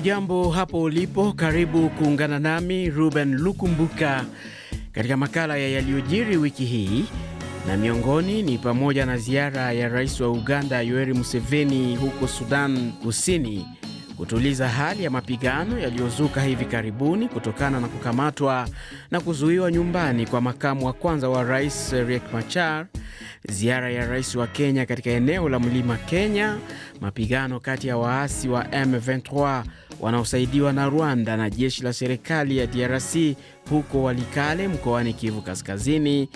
Hujambo hapo ulipo, karibu kuungana nami Ruben Lukumbuka katika makala ya yaliyojiri wiki hii, na miongoni ni pamoja na ziara ya rais wa Uganda Yoweri Museveni huko Sudan Kusini kutuliza hali ya mapigano yaliyozuka hivi karibuni kutokana na kukamatwa na kuzuiwa nyumbani kwa makamu wa kwanza wa rais Riek Machar, ziara ya rais wa Kenya katika eneo la mlima Kenya, mapigano kati ya waasi wa M23 wanaosaidiwa na Rwanda na jeshi la serikali ya DRC huko Walikale mkoani Kivu Kaskazini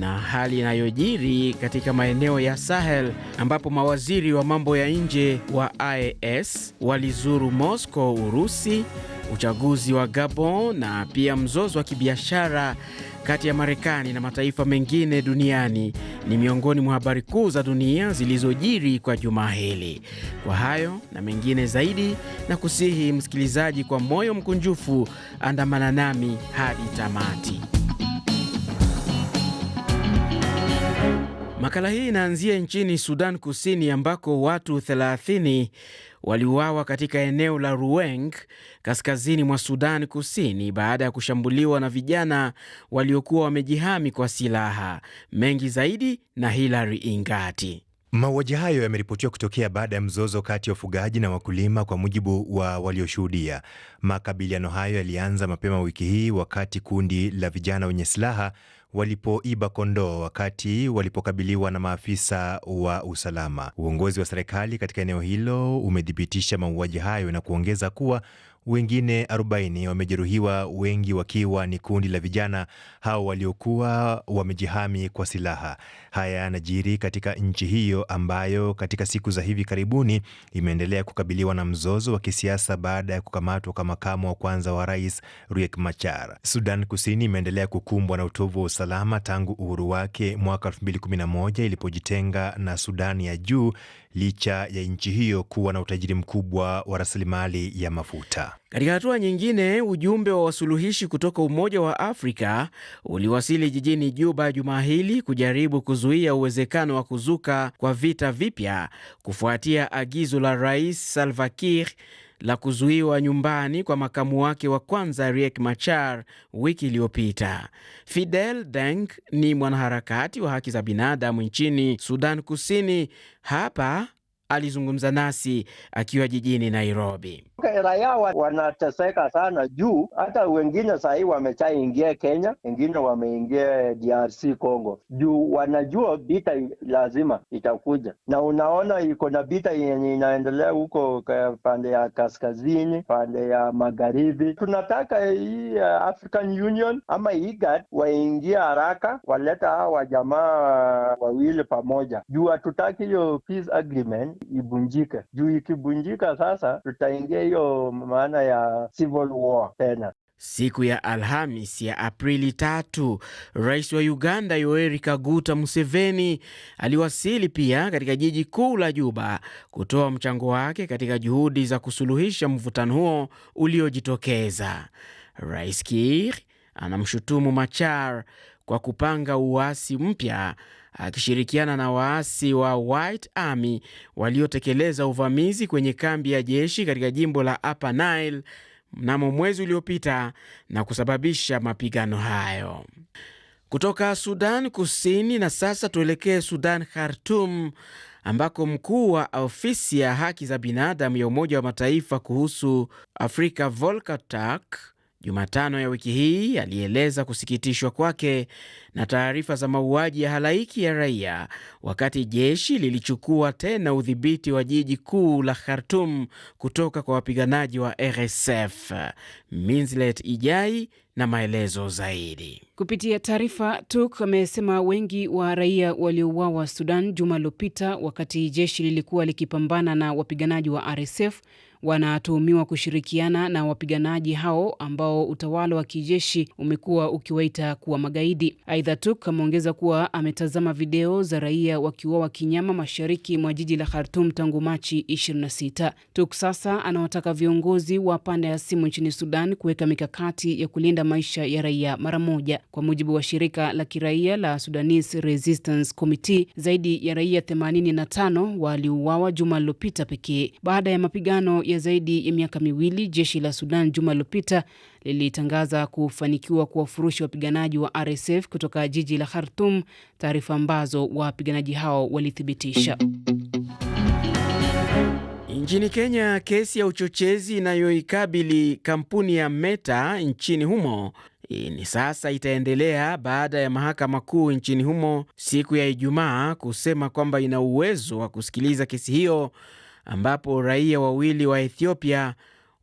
na hali inayojiri katika maeneo ya Sahel ambapo mawaziri wa mambo ya nje wa IAS walizuru Moscow, Urusi, uchaguzi wa Gabon na pia mzozo wa kibiashara kati ya Marekani na mataifa mengine duniani ni miongoni mwa habari kuu za dunia zilizojiri kwa juma hili. Kwa hayo na mengine zaidi, na kusihi msikilizaji kwa moyo mkunjufu andamana nami hadi tamati. Makala hii inaanzia nchini Sudan Kusini ambako watu 30 waliuawa katika eneo la Ruweng kaskazini mwa Sudan Kusini baada ya kushambuliwa na vijana waliokuwa wamejihami kwa silaha. Mengi zaidi na Hilary Ingati. Mauaji hayo yameripotiwa kutokea baada ya mzozo kati ya wafugaji na wakulima, kwa mujibu wa walioshuhudia. Makabiliano hayo yalianza mapema wiki hii wakati kundi la vijana wenye silaha walipoiba kondoo wakati walipokabiliwa na maafisa wa usalama. Uongozi wa serikali katika eneo hilo umethibitisha mauaji hayo na kuongeza kuwa wengine 40 wamejeruhiwa, wengi wakiwa ni kundi la vijana hao waliokuwa wamejihami kwa silaha. Haya yanajiri katika nchi hiyo ambayo katika siku za hivi karibuni imeendelea kukabiliwa na mzozo wa kisiasa baada ya kukamatwa kwa makamu wa kwanza wa rais Riek Machar. Sudan Kusini imeendelea kukumbwa na utovu wa usalama tangu uhuru wake mwaka 2011 ilipojitenga na Sudan ya Juu licha ya nchi hiyo kuwa na utajiri mkubwa wa rasilimali ya mafuta. Katika hatua nyingine, ujumbe wa wasuluhishi kutoka Umoja wa Afrika uliwasili jijini Juba Jumaa hili kujaribu kuzuia uwezekano wa kuzuka kwa vita vipya kufuatia agizo la Rais Salva Kiir la kuzuiwa nyumbani kwa makamu wake wa kwanza Riek Machar wiki iliyopita. Fidel Deng ni mwanaharakati wa haki za binadamu nchini Sudan Kusini. Hapa alizungumza nasi akiwa jijini Nairobi. Raia wanateseka sana juu hata wengine sahii wameshaingia Kenya, wengine wameingia DRC Congo juu wanajua vita lazima itakuja, na unaona iko na vita yenye inaendelea huko pande ya kaskazini, pande ya magharibi. Tunataka hii eh, African Union ama IGAD waingia haraka, waleta hawa wajamaa wawili pamoja juu hatutaki hiyo peace agreement ibunjike, juu ikibunjika sasa tutaingia hiyo maana ya civil war tena. Siku ya Alhamis ya Aprili tatu, rais wa Uganda Yoweri Kaguta Museveni aliwasili pia katika jiji kuu la Juba kutoa mchango wake katika juhudi za kusuluhisha mvutano huo uliojitokeza. Rais Kiir anamshutumu Machar kwa kupanga uasi mpya akishirikiana na waasi wa White Army waliotekeleza uvamizi kwenye kambi ya jeshi katika jimbo la Upper Nile mnamo mwezi uliopita na kusababisha mapigano hayo. Kutoka Sudan Kusini na sasa tuelekee Sudan khartum ambako mkuu wa ofisi ya haki za binadamu ya Umoja wa Mataifa kuhusu Afrika Volker Turk Jumatano ya wiki hii alieleza kusikitishwa kwake na taarifa za mauaji ya halaiki ya raia wakati jeshi lilichukua tena udhibiti wa jiji kuu la khartum kutoka kwa wapiganaji wa RSF. Minslet Ijai na maelezo zaidi kupitia taarifa. Tuk amesema wengi wa raia waliouawa Sudan juma lililopita, wakati jeshi lilikuwa likipambana na wapiganaji wa RSF wanatuhumiwa kushirikiana na wapiganaji hao ambao utawala wa kijeshi umekuwa ukiwaita kuwa magaidi. Aidha, Tuk ameongeza kuwa ametazama video za raia wakiuawa kinyama mashariki mwa jiji la Khartum tangu Machi 26. Tuk sasa anawataka viongozi wa pande ya simu nchini Sudan kuweka mikakati ya kulinda maisha ya raia mara moja. Kwa mujibu wa shirika la kiraia la Sudanese Resistance Committee, zaidi ya raia 85 waliuawa juma lililopita pekee baada ya mapigano ya ya zaidi ya miaka miwili, jeshi la Sudan juma lilopita lilitangaza kufanikiwa kuwafurusha wapiganaji wa RSF kutoka jiji la khartum taarifa ambazo wapiganaji hao walithibitisha. Nchini Kenya, kesi ya uchochezi inayoikabili kampuni ya Meta nchini humo ni sasa itaendelea baada ya mahakama kuu nchini humo siku ya Ijumaa kusema kwamba ina uwezo wa kusikiliza kesi hiyo ambapo raia wawili wa Ethiopia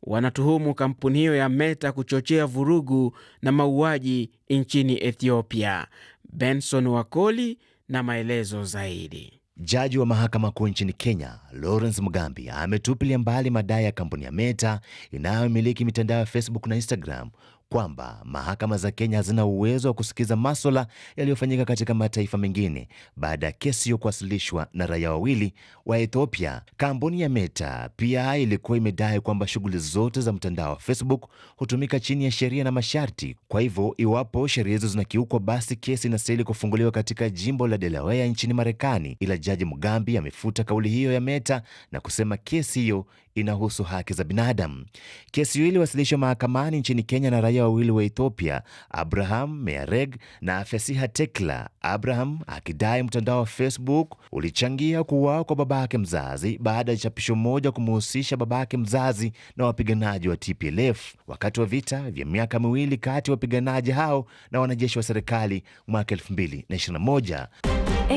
wanatuhumu kampuni hiyo ya Meta kuchochea vurugu na mauaji nchini Ethiopia. Benson Wakoli na maelezo zaidi. Jaji wa mahakama kuu nchini Kenya Lawrence Mugambi ametupilia mbali madai ya kampuni ya Meta inayomiliki mitandao ya Facebook na Instagram kwamba mahakama za Kenya hazina uwezo wa kusikiza maswala yaliyofanyika katika mataifa mengine baada ya kesi kuwasilishwa na raia wawili wa Ethiopia. Kampuni ya Meta pia ilikuwa imedai kwamba shughuli zote za mtandao wa Facebook hutumika chini ya sheria na masharti. Kwa hivyo, iwapo sheria hizo zinakiukwa, basi kesi inastahili kufunguliwa katika jimbo la Delaware nchini Marekani, ila Jaji Mugambi amefuta kauli hiyo ya Meta na kusema kesi hiyo inahusu haki za binadamu. Kesi hiyo iliwasilishwa mahakamani nchini Kenya na raia wawili wa Ethiopia, Abraham Meareg na Fesiha Tekla. Abraham akidai mtandao wa Facebook ulichangia kuuawa kwa babake mzazi baada ya chapisho moja kumhusisha babake mzazi na wapiganaji wa TPLF wakati wa vita vya miaka miwili kati ya wapiganaji hao na wanajeshi wa serikali mwaka 2021.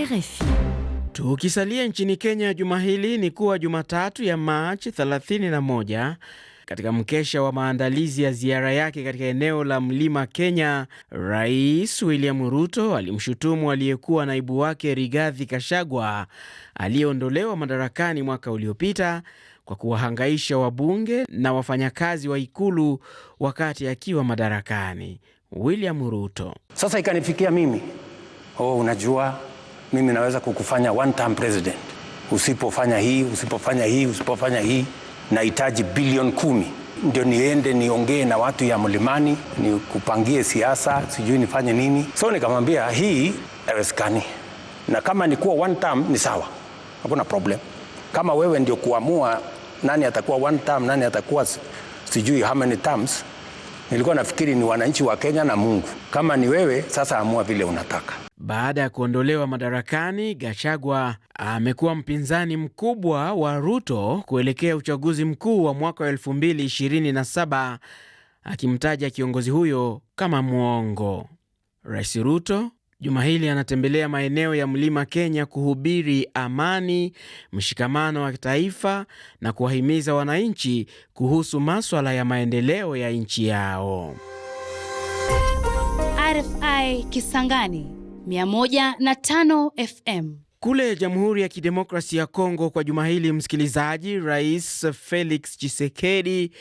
RFI Tukisalia nchini Kenya juma hili ni kuwa Jumatatu ya Machi 31 katika mkesha wa maandalizi ya ziara yake katika eneo la mlima Kenya, Rais William Ruto alimshutumu aliyekuwa naibu wake Rigathi Kashagwa aliyeondolewa madarakani mwaka uliopita kwa kuwahangaisha wabunge na wafanyakazi wa ikulu wakati akiwa madarakani. William Ruto: sasa ikanifikia mimi, oh, unajua mimi naweza kukufanya one term president usipofanya hii, usipofanya hii, usipofanya hii. Nahitaji bilioni kumi ndio niende niongee na watu ya mlimani, nikupangie siasa, sijui nifanye nini. So nikamwambia hii haiwezekani, na kama nikuwa one term ni sawa, hakuna problem. Kama wewe ndio kuamua nani atakuwa one term, nani atakuwa sijui how many terms, nilikuwa nafikiri ni wananchi wa Kenya na Mungu. Kama ni wewe sasa, amua vile unataka. Baada ya kuondolewa madarakani, Gachagua amekuwa mpinzani mkubwa wa Ruto kuelekea uchaguzi mkuu wa mwaka wa 227 akimtaja kiongozi huyo kama mwongo. Rais Ruto juma hili anatembelea maeneo ya mlima Kenya kuhubiri amani, mshikamano wa taifa na kuwahimiza wananchi kuhusu maswala ya maendeleo ya nchi yao. RFI Kisangani 105 FM. Kule Jamhuri ya Kidemokrasia ya Kongo kwa juma hili, msikilizaji, Rais Felix Tshisekedi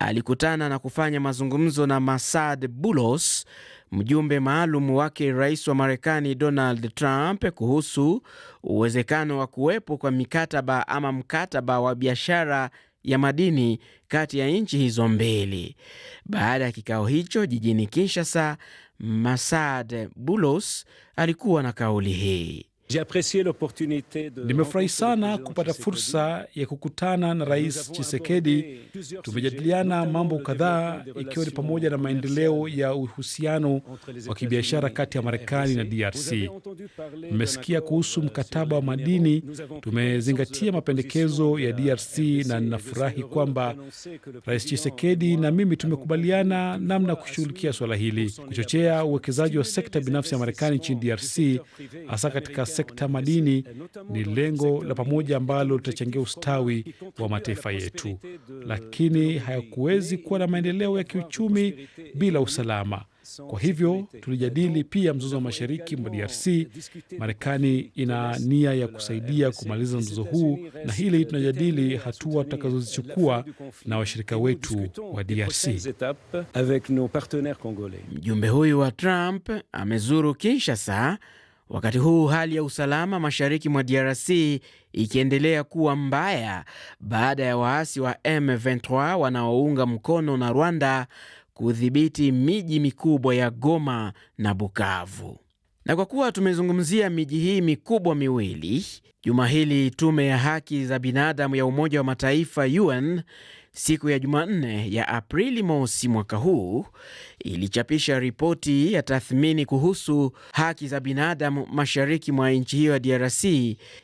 alikutana na kufanya mazungumzo na Masad Bulos, mjumbe maalum wake rais wa Marekani Donald Trump kuhusu uwezekano wa kuwepo kwa mikataba ama mkataba wa biashara ya madini kati ya nchi hizo mbili. Baada ya kikao hicho jijini Kinshasa, Masad Bulos alikuwa na kauli hii. Nimefurahi sana kupata fursa ya kukutana na Rais chisekedi Tumejadiliana mambo kadhaa, ikiwa ni pamoja na maendeleo ya uhusiano wa kibiashara kati ya Marekani na DRC. Nimesikia kuhusu euh, mkataba wa madini, tumezingatia mapendekezo ya DRC na ninafurahi kwamba Rais chisekedi na mimi tumekubaliana namna ya kushughulikia swala hili, kuchochea uwekezaji wa sekta binafsi ya Marekani nchini DRC hasa katika sekta madini ni lengo la pamoja ambalo litachangia ustawi wa mataifa yetu, lakini hayakuwezi kuwa na maendeleo ya kiuchumi bila usalama. Kwa hivyo tulijadili pia mzozo wa mashariki mwa DRC. Marekani ina nia ya kusaidia kumaliza mzozo huu, na hili tunajadili hatua tutakazozichukua na washirika wetu wa DRC. Mjumbe huyu wa Trump amezuru Kinshasa Wakati huu hali ya usalama mashariki mwa DRC ikiendelea kuwa mbaya baada ya waasi wa M23 wanaounga mkono na Rwanda kudhibiti miji mikubwa ya Goma na Bukavu. Na kwa kuwa tumezungumzia miji hii mikubwa miwili, juma hili tume ya haki za binadamu ya Umoja wa Mataifa UN siku ya Jumanne ya Aprili mosi mwaka huu ilichapisha ripoti ya tathmini kuhusu haki za binadamu mashariki mwa nchi hiyo ya DRC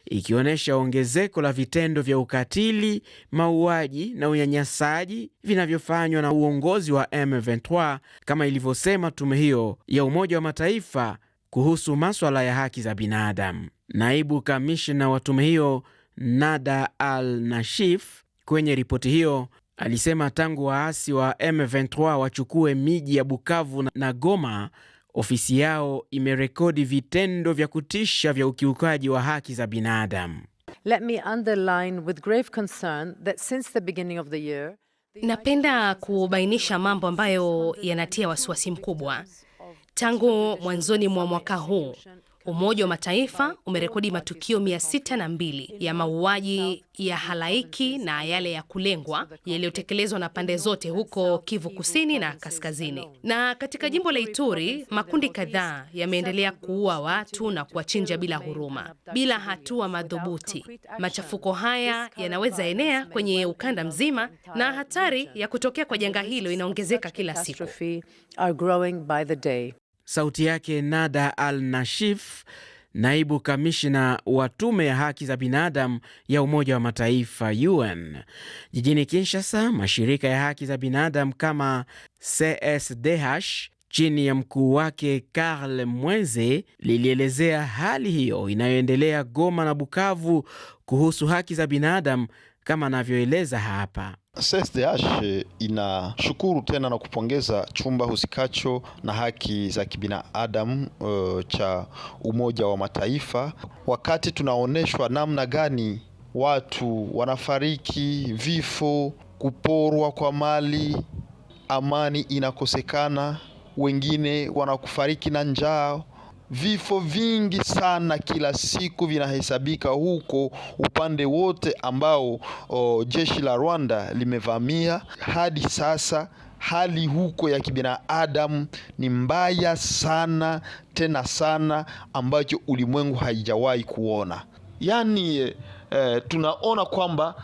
ikionyesha ongezeko la vitendo vya ukatili, mauaji na unyanyasaji vinavyofanywa na uongozi wa M23 kama ilivyosema tume hiyo ya Umoja wa Mataifa kuhusu maswala ya haki za binadamu. Naibu kamishna wa tume hiyo Nada Al Nashif Kwenye ripoti hiyo alisema tangu waasi wa M23 wachukue miji ya Bukavu na Goma, ofisi yao imerekodi vitendo vya kutisha vya ukiukaji wa haki za binadamu. Let me underline with grave concern that since the beginning of the year Napenda kubainisha mambo ambayo yanatia wasiwasi mkubwa. Tangu mwanzoni mwa mwaka huu, Umoja wa Mataifa umerekodi matukio 602 ya mauaji ya halaiki na yale ya kulengwa yaliyotekelezwa na pande zote huko Kivu Kusini na Kaskazini. Na katika jimbo la Ituri, makundi kadhaa yameendelea kuua watu na kuwachinja bila huruma, bila hatua madhubuti. Machafuko haya yanaweza enea kwenye ukanda mzima na hatari ya kutokea kwa janga hilo inaongezeka kila siku. Sauti yake Nada Al Nashif, naibu kamishna wa tume ya haki za binadamu ya Umoja wa Mataifa UN. Jijini Kinshasa, mashirika ya haki za binadamu kama CSDH chini ya mkuu wake Karl Mwenze lilielezea hali hiyo inayoendelea Goma na Bukavu kuhusu haki za binadamu kama anavyoeleza hapa. CSDH eh, inashukuru tena na kupongeza chumba husikacho na haki za kibinadamu uh, cha Umoja wa Mataifa, wakati tunaonyeshwa namna gani watu wanafariki, vifo, kuporwa kwa mali, amani inakosekana, wengine wanakufariki na njaa. Vifo vingi sana kila siku vinahesabika huko upande wote ambao o, jeshi la Rwanda limevamia hadi sasa. Hali huko ya kibinadamu ni mbaya sana tena sana, ambacho ulimwengu haijawahi kuona. Yaani e, tunaona kwamba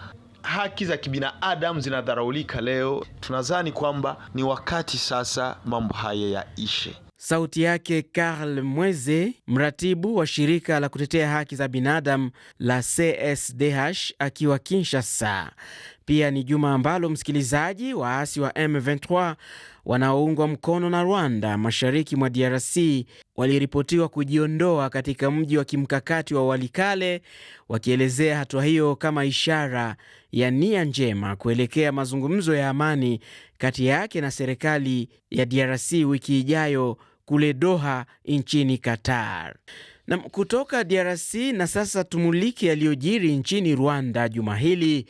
haki za kibinadamu zinadharaulika leo. Tunadhani kwamba ni wakati sasa mambo haya yaishe. Sauti yake Karl Mweze, mratibu wa shirika la kutetea haki za binadamu la CSDH akiwa Kinshasa. Pia ni juma ambalo msikilizaji, waasi wa M23 wanaoungwa mkono na Rwanda mashariki mwa DRC waliripotiwa kujiondoa katika mji wa kimkakati wa Walikale, wakielezea hatua hiyo kama ishara ya nia njema kuelekea mazungumzo ya amani kati yake na serikali ya DRC wiki ijayo kule Doha nchini Qatar. Na kutoka DRC na sasa tumulike yaliyojiri nchini Rwanda juma hili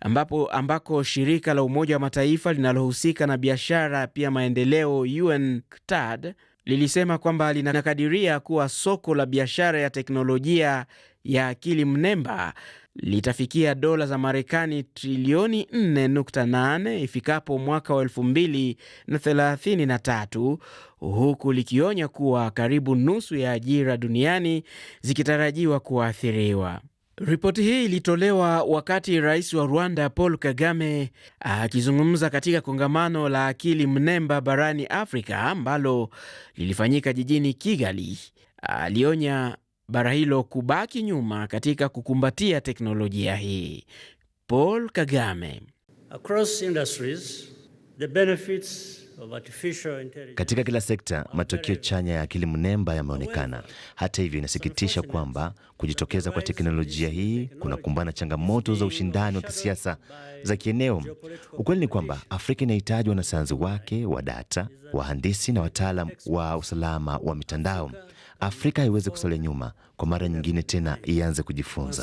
ambapo ambako shirika la Umoja wa Mataifa linalohusika na biashara pia maendeleo UNCTAD lilisema kwamba linakadiria kuwa soko la biashara ya teknolojia ya akili mnemba litafikia dola za Marekani trilioni 4.8 ifikapo mwaka wa 2033 huku likionya kuwa karibu nusu ya ajira duniani zikitarajiwa kuathiriwa. Ripoti hii ilitolewa wakati rais wa Rwanda Paul Kagame akizungumza katika kongamano la akili mnemba barani Afrika ambalo lilifanyika jijini Kigali. Alionya bara hilo kubaki nyuma katika kukumbatia teknolojia hii. Paul Kagame. Across industries, the benefits katika kila sekta matokeo chanya ya akili mnemba yameonekana. Hata hivyo, inasikitisha kwamba kujitokeza kwa teknolojia hii kunakumbana changamoto za ushindani wa kisiasa za kieneo. Ukweli ni kwamba Afrika inahitaji wanasayansi wake wa data, wahandisi na wataalam wa usalama wa mitandao. Afrika iweze kusalia nyuma, kwa mara nyingine tena ianze kujifunza.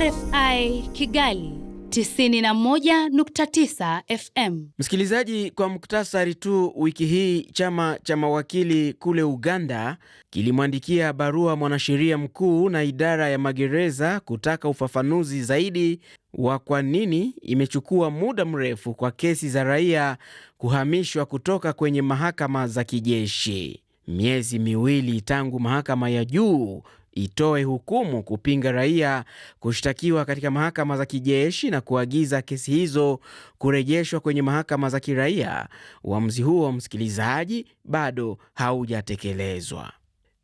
RFI Kigali 91.9 FM. Msikilizaji, kwa muktasari tu, wiki hii chama cha mawakili kule Uganda kilimwandikia barua mwanasheria mkuu na idara ya magereza kutaka ufafanuzi zaidi wa kwa nini imechukua muda mrefu kwa kesi za raia kuhamishwa kutoka kwenye mahakama za kijeshi. Miezi miwili tangu mahakama ya juu itoe hukumu kupinga raia kushtakiwa katika mahakama za kijeshi na kuagiza kesi hizo kurejeshwa kwenye mahakama za kiraia, uamuzi huo, msikilizaji, bado haujatekelezwa.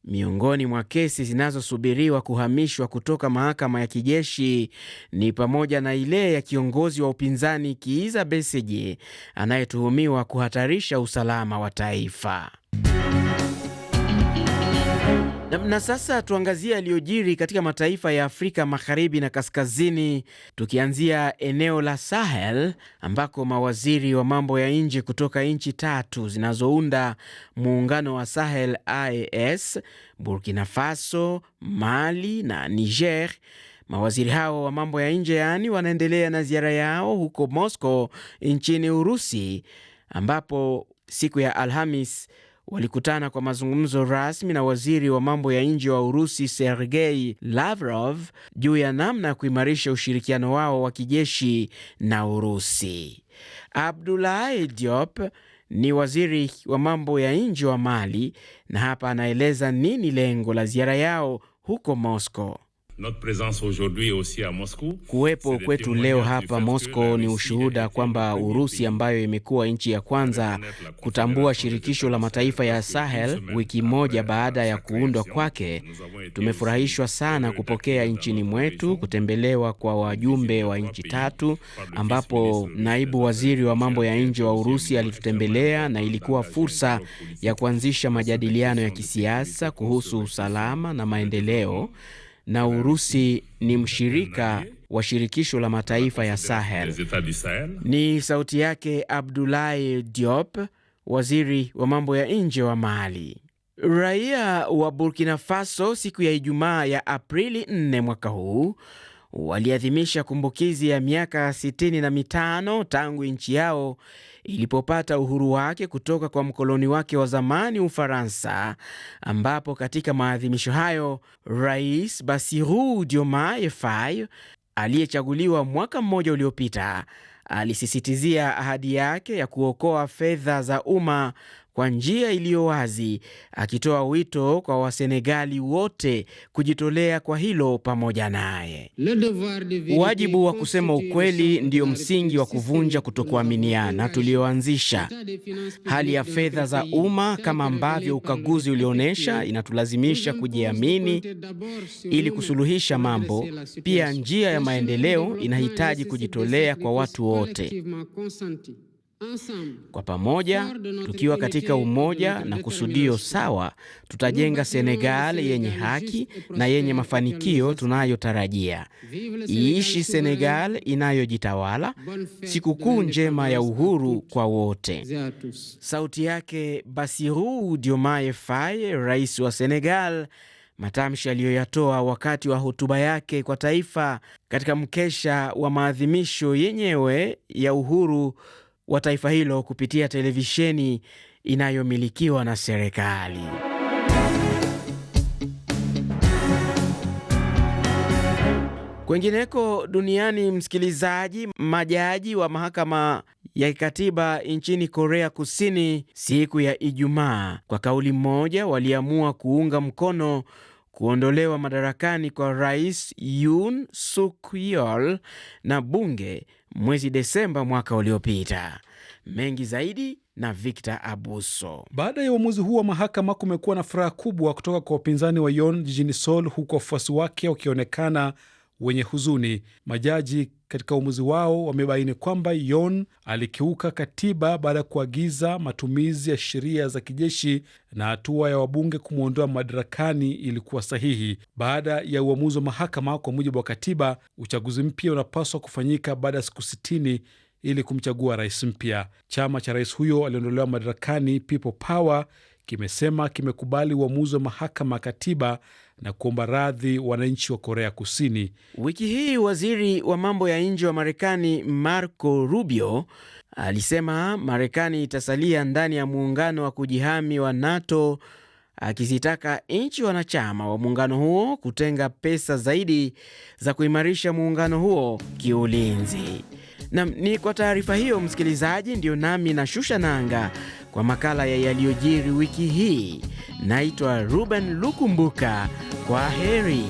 Miongoni mwa kesi zinazosubiriwa kuhamishwa kutoka mahakama ya kijeshi ni pamoja na ile ya kiongozi wa upinzani Kiiza Besigye anayetuhumiwa kuhatarisha usalama wa taifa. Na, na sasa tuangazie yaliyojiri katika mataifa ya Afrika Magharibi na Kaskazini, tukianzia eneo la Sahel ambako mawaziri wa mambo ya nje kutoka nchi tatu zinazounda muungano wa Sahel IS, Burkina Faso, Mali na Niger Mawaziri hao wa mambo ya nje yaani, wanaendelea na ziara yao huko Moscow nchini Urusi, ambapo siku ya Alhamis walikutana kwa mazungumzo rasmi na waziri wa mambo ya nje wa Urusi Sergei Lavrov juu ya namna ya kuimarisha ushirikiano wao wa kijeshi na Urusi. Abdoulaye Diop ni waziri wa mambo ya nje wa Mali na hapa anaeleza nini lengo la ziara yao huko Moscow. Kuwepo kwetu leo hapa Moscow ni ushuhuda kwamba Urusi ambayo imekuwa nchi ya kwanza kutambua shirikisho la mataifa ya Sahel wiki moja baada ya kuundwa kwake, tumefurahishwa sana kupokea nchini mwetu kutembelewa kwa wajumbe wa nchi tatu, ambapo naibu waziri wa mambo ya nje wa Urusi alitutembelea na ilikuwa fursa ya kuanzisha majadiliano ya kisiasa kuhusu usalama na maendeleo na Urusi ni mshirika wa shirikisho la mataifa ya Sahel. Ni sauti yake Abdoulaye Diop, waziri wa mambo ya nje wa Mali. Raia wa Burkina Faso siku ya Ijumaa ya Aprili 4 mwaka huu waliadhimisha kumbukizi ya miaka 65 tangu nchi yao ilipopata uhuru wake kutoka kwa mkoloni wake wa zamani Ufaransa, ambapo katika maadhimisho hayo Rais Bassirou Diomaye Faye aliyechaguliwa mwaka mmoja uliopita alisisitizia ahadi yake ya kuokoa fedha za umma kwa njia iliyo wazi, akitoa wito kwa Wasenegali wote kujitolea kwa hilo pamoja naye. Wajibu wa kusema ukweli ndiyo msingi wa kuvunja kutokuaminiana tulioanzisha. Hali ya fedha za umma kama ambavyo ukaguzi ulionyesha inatulazimisha kujiamini ili kusuluhisha mambo. Pia njia ya maendeleo inahitaji kujitolea kwa watu wote. Kwa pamoja tukiwa katika umoja na kusudio sawa, tutajenga Senegal yenye haki na yenye mafanikio tunayotarajia. Iishi Senegal inayojitawala! Sikukuu njema ya uhuru kwa wote. Sauti yake Bassirou Diomaye Faye, rais wa Senegal, matamshi aliyoyatoa wakati wa hotuba yake kwa taifa katika mkesha wa maadhimisho yenyewe ya uhuru wa taifa hilo kupitia televisheni inayomilikiwa na serikali. Kwengineko duniani, msikilizaji, majaji wa mahakama ya kikatiba nchini Korea Kusini siku ya Ijumaa kwa kauli moja waliamua kuunga mkono kuondolewa madarakani kwa Rais Yoon Suk Yeol na bunge mwezi Desemba mwaka uliopita. Mengi zaidi na Victor Abuso. Baada ya uamuzi huu wa mahakama, kumekuwa na furaha kubwa kutoka kwa upinzani wa yon jijini Seoul, huku wafuasi wake wakionekana wenye huzuni. Majaji katika uamuzi wao wamebaini kwamba Yon alikiuka katiba baada ya kuagiza matumizi ya sheria za kijeshi na hatua ya wabunge kumwondoa madarakani ilikuwa sahihi. Baada ya uamuzi wa mahakama, kwa mujibu wa katiba, uchaguzi mpya unapaswa kufanyika baada ya siku sitini ili kumchagua rais mpya. Chama cha rais huyo aliondolewa madarakani People Power kimesema kimekubali uamuzi wa mahakama ya katiba na kuomba radhi wananchi wa Korea Kusini. Wiki hii waziri wa mambo ya nje wa Marekani Marco Rubio alisema Marekani itasalia ndani ya muungano wa kujihami wa NATO, akizitaka nchi wanachama wa muungano huo kutenga pesa zaidi za kuimarisha muungano huo kiulinzi. Nam, ni kwa taarifa hiyo msikilizaji, ndiyo nami na shusha nanga kwa makala ya yaliyojiri wiki hii. Naitwa Ruben Lukumbuka, kwa heri.